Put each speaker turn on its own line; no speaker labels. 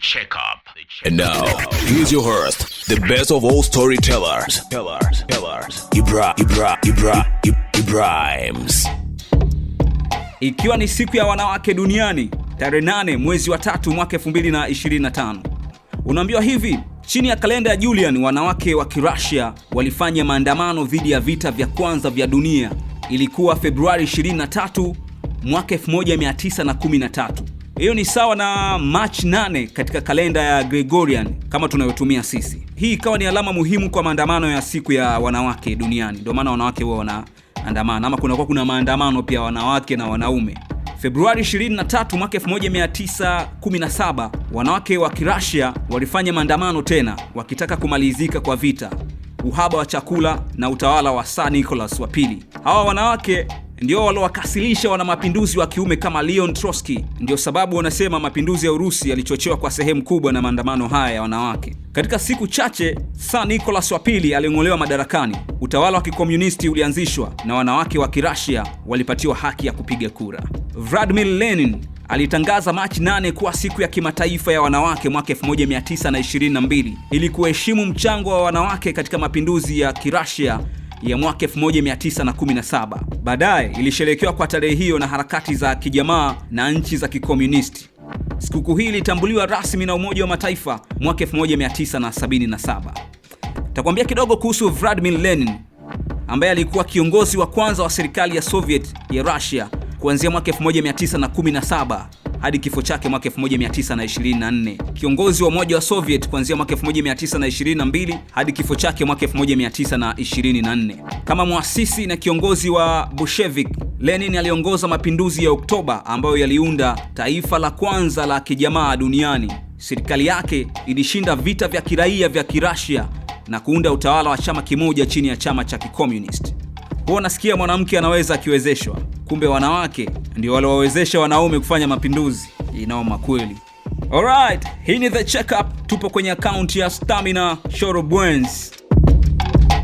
checkup. And now, here's your host, the best of all storytellers, tellers, tellers, Ibra, Ibra, Ibra, Ibrahims. Ikiwa ni siku ya wanawake duniani, tarehe 8 mwezi wa tatu mwaka 2025. Unaambiwa hivi, chini ya kalenda ya Julian, wanawake wa Kirusia walifanya maandamano dhidi ya vita vya kwanza vya dunia. Ilikuwa Februari 23 mwaka 1913. Hiyo ni sawa na Machi 8 katika kalenda ya Gregorian kama tunayotumia sisi. Hii ikawa ni alama muhimu kwa maandamano ya siku ya wanawake duniani. Ndio maana wanawake huwa wanaandamana ama kunakuwa kuna maandamano pia wanawake na wanaume. Februari 23 mwaka 1917 wanawake wa Kirasia walifanya maandamano tena wakitaka kumalizika kwa vita, uhaba wa chakula na utawala wa Tsar Nicholas wa pili. Hawa wanawake ndio waliowakasilisha wana mapinduzi wa kiume kama Leon Trotsky. Ndio sababu wanasema mapinduzi ya Urusi yalichochewa kwa sehemu kubwa na maandamano haya ya wanawake. Katika siku chache, Tsar Nicholas wa pili aling'olewa madarakani, utawala wa kikomunisti ulianzishwa na wanawake wa Kirasia walipatiwa haki ya kupiga kura. Vladimir Lenin alitangaza Machi 8 kuwa siku ya kimataifa ya wanawake mwaka 1922 ili kuheshimu mchango wa wanawake katika mapinduzi ya Kirasia ya mwaka 1917. Baadaye ilisherehekewa kwa tarehe hiyo na harakati za kijamaa na nchi za kikomunisti. Sikukuu hii ilitambuliwa rasmi na Umoja wa Mataifa mwaka 1977. Takwambia kidogo kuhusu Vladimir Lenin ambaye alikuwa kiongozi wa kwanza wa serikali ya Soviet ya Russia kuanzia mwaka 1917 hadi kifo chake mwaka 1924. Kiongozi wa Umoja wa Soviet kuanzia mwaka 1922 hadi kifo chake mwaka 1924. Kama mwasisi na kiongozi wa Bolshevik, Lenin aliongoza mapinduzi ya Oktoba ambayo yaliunda taifa la kwanza la kijamaa duniani. Serikali yake ilishinda vita vya kiraia vya Kirasia na kuunda utawala wa chama kimoja chini ya chama cha Kikomunisti. Huwa unasikia mwanamke anaweza akiwezeshwa, kumbe wanawake ndio waliowawezesha wanaume kufanya mapinduzi. Inaoma kweli. Alright, hii ni The Checkup, tupo kwenye akaunti ya Stamina Shorobwens.